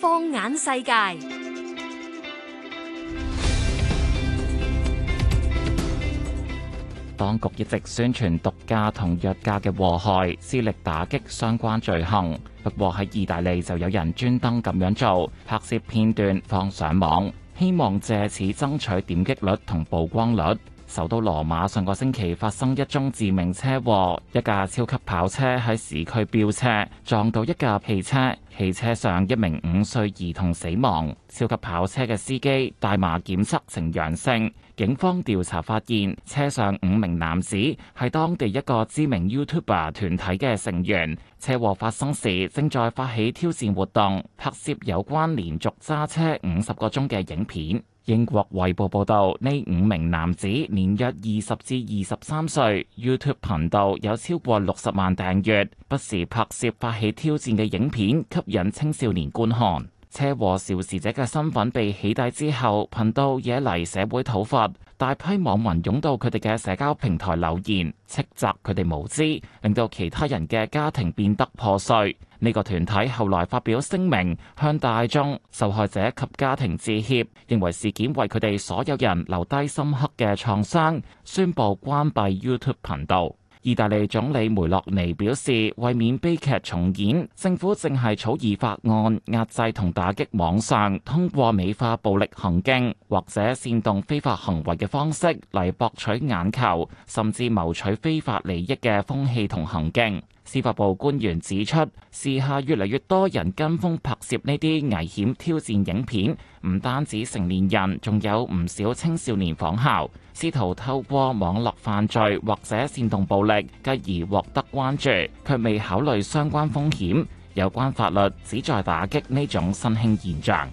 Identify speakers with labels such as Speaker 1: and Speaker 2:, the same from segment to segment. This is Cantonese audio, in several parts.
Speaker 1: 放眼世界，當局一直宣傳毒駕同藥駕嘅禍害，致力打擊相關罪行。不過喺意大利就有人專登咁樣做，拍攝片段放上網，希望借此爭取點擊率同曝光率。首都羅馬上個星期發生一宗致命車禍，一架超級跑車喺市區飆車撞到一架汽車。汽車上一名五歲兒童死亡，超級跑車嘅司機大麻檢測呈陽性。警方調查發現，車上五名男子係當地一個知名 YouTuber 團體嘅成員。車禍發生時，正在發起挑戰活動，拍攝有關連續揸車五十個鐘嘅影片。英國《衛報》報道，呢五名男子年約二十至二十三歲，YouTube 頻道有超過六十萬訂閱，不時拍攝發起挑戰嘅影片。引青少年觀看車禍。肇事者嘅身份被起底之後，頻道惹嚟社會討伐，大批網民湧到佢哋嘅社交平台留言，斥責佢哋無知，令到其他人嘅家庭變得破碎。呢個團體後來發表聲明，向大眾、受害者及家庭致歉，認為事件為佢哋所有人留低深刻嘅創傷，宣布關閉 YouTube 頻道。意大利總理梅洛尼表示，為免悲劇重演，政府正係草擬法案，壓制同打擊網上通過美化暴力行徑或者煽動非法行為嘅方式嚟博取眼球，甚至謀取非法利益嘅風氣同行徑。司法部官員指出，時下越嚟越多人跟風拍攝呢啲危險挑戰影片，唔單止成年人，仲有唔少青少年仿效，試圖透過網絡犯罪或者煽動暴力，繼而獲得關注，卻未考慮相關風險，有關法律旨在打擊呢種新興現象。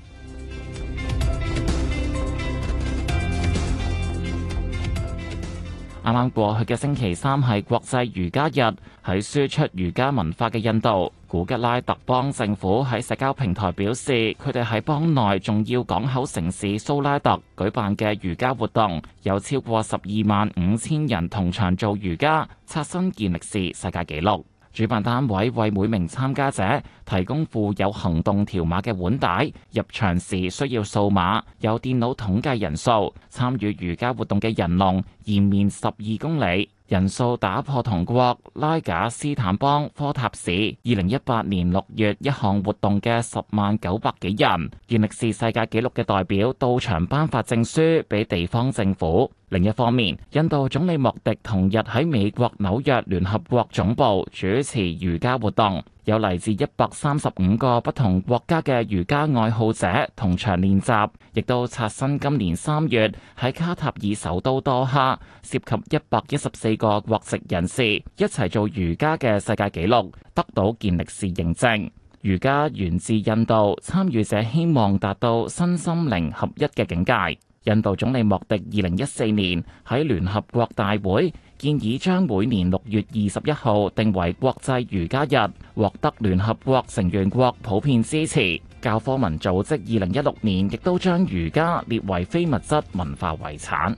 Speaker 1: 啱啱過去嘅星期三係國際瑜伽日，喺輸出瑜伽文化嘅印度，古吉拉特邦政府喺社交平台表示，佢哋喺邦內重要港口城市蘇拉特舉辦嘅瑜伽活動，有超過十二萬五千人同場做瑜伽，刷新健力士世界紀錄。主辦單位為每名參加者提供附有行動條碼嘅腕帶，入場時需要掃碼，有電腦統計人數。參與瑜伽活動嘅人龍延綿十二公里，人數打破同國拉賈斯坦邦科塔市二零一八年六月一項活動嘅十萬九百幾人，健力士世界紀錄嘅代表到場頒發證書俾地方政府。另一方面，印度總理莫迪同日喺美國紐約聯合國總部主持瑜伽活動，有嚟自一百三十五個不同國家嘅瑜伽愛好者同場練習，亦都刷新今年三月喺卡塔爾首都多哈涉及一百一十四個國籍人士一齊做瑜伽嘅世界紀錄，得到健力士認證。瑜伽源自印度，參與者希望達到身心靈合一嘅境界。印度總理莫迪二零一四年喺聯合國大會建議將每年六月二十一號定為國際瑜伽日，獲得聯合國成員國普遍支持。教科文組織二零一六年亦都將瑜伽列為非物質文化遺產。